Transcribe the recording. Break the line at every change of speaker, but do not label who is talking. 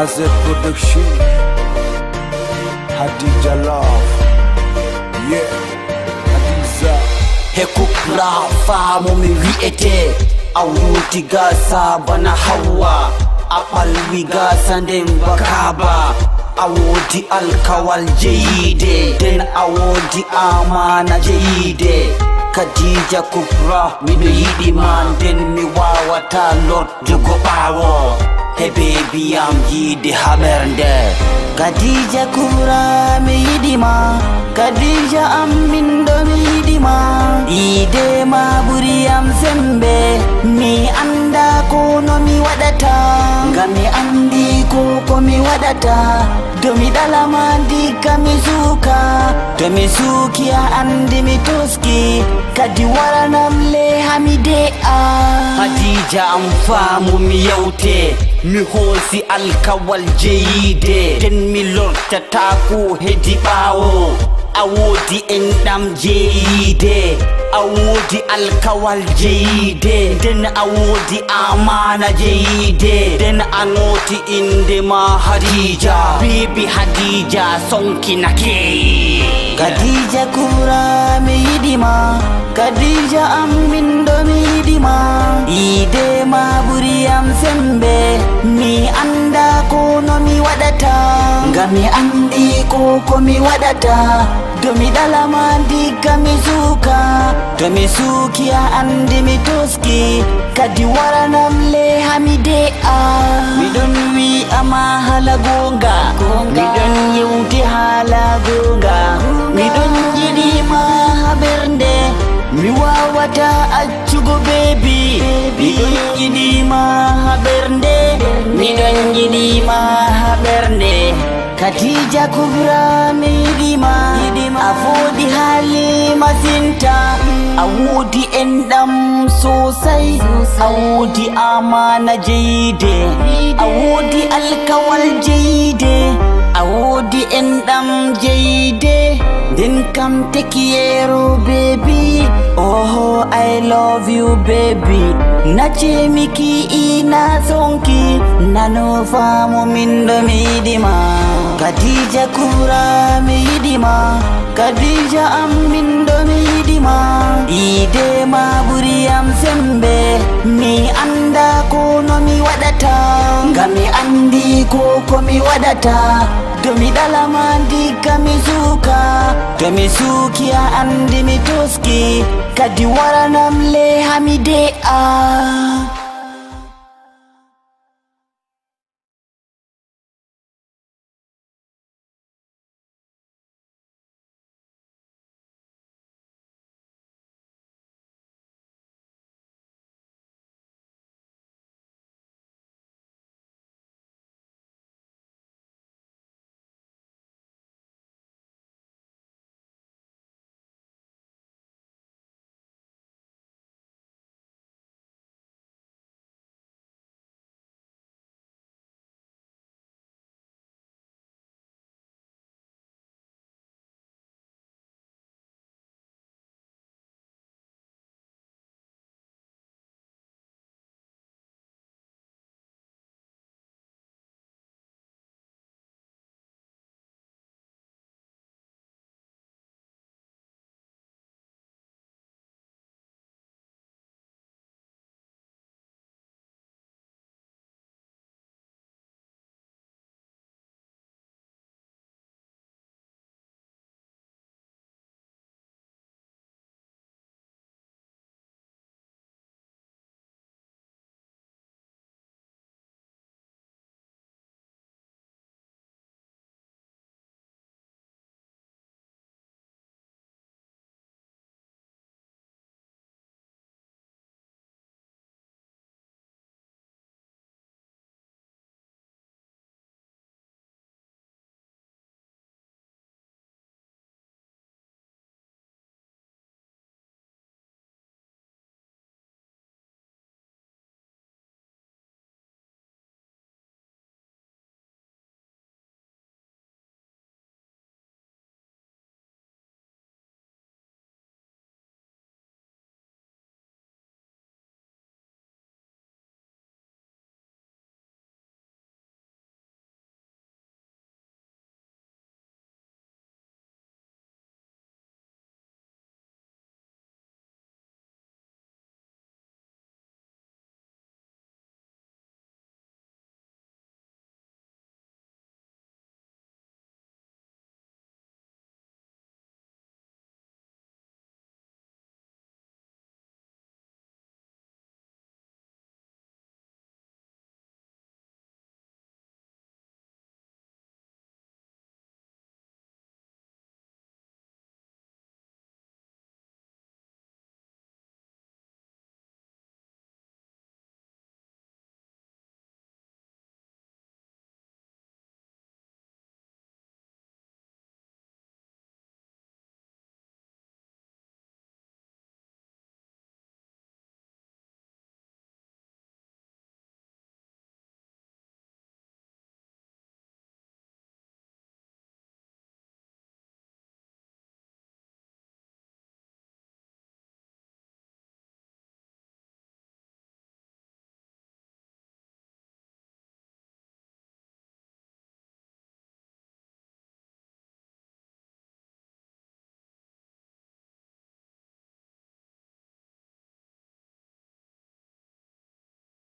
as a production Hadija Love Yeah Hadiza Hekukura famu mivi ete Awuti gasa bana hawa a ɓalwi gasa nden bakaba a wodi alkawal jeyide nden a wodi amana jeyide kadija kubra miɗo yiɗima nden mi wawata lordugo ɓawo hebebiyam yiide haɓernde kadija kubra mi yiɗima kadija am min ɗo mi yiɗima yide ma ɓuriyam sembe mi anda ko nomi waɗata ngam mi andi ko komi waɗata tomi ɗalama digga mi suuka tomi suuki a andi mi toski kadi waranam le hami de'a hadija am faamu mi yewte mi hoosi alkawal jeyide ten mi lortata ku hedi ɓaawo a woodi enɗam jeeyiide a woodi alkawal jeyiide nden a woodi amana jeyiide nden a nooti indema hadija beebi hadija sonkinake kadija kura mi yiɗima kadija am mindomi yiɗima yiide ma ɓuriyam sembe mi an wadata ngami andi kokomi komi waɗata domi ɗalama andi mi zuka tomi mi a andi mi toski kadi waranam le hami de'a miɗon wi'ama hala gonga miɗon yewti hala gonga miɗon yiɗima ha ɓernde mi wa wata accugo bebi miɗon yiɗima ha ɓernde miɗon ma ha ɓernde katija kubra mi yiɗima a foɗi hali masinta a endam sosai a amana jeyide a alkawal jeyide a endam enɗam then come take yero baby oh i love you baby nace miki ina tsonki nano famo min do mi yidima kadija kura mi yidima kadija am min do mi yidima yide ma buri am sembe mi anda ko no mi wadata ngam mi andi ko ko mi wadata tomidala mandika mizuka tomisukia andi Kadiwara na mle hamidea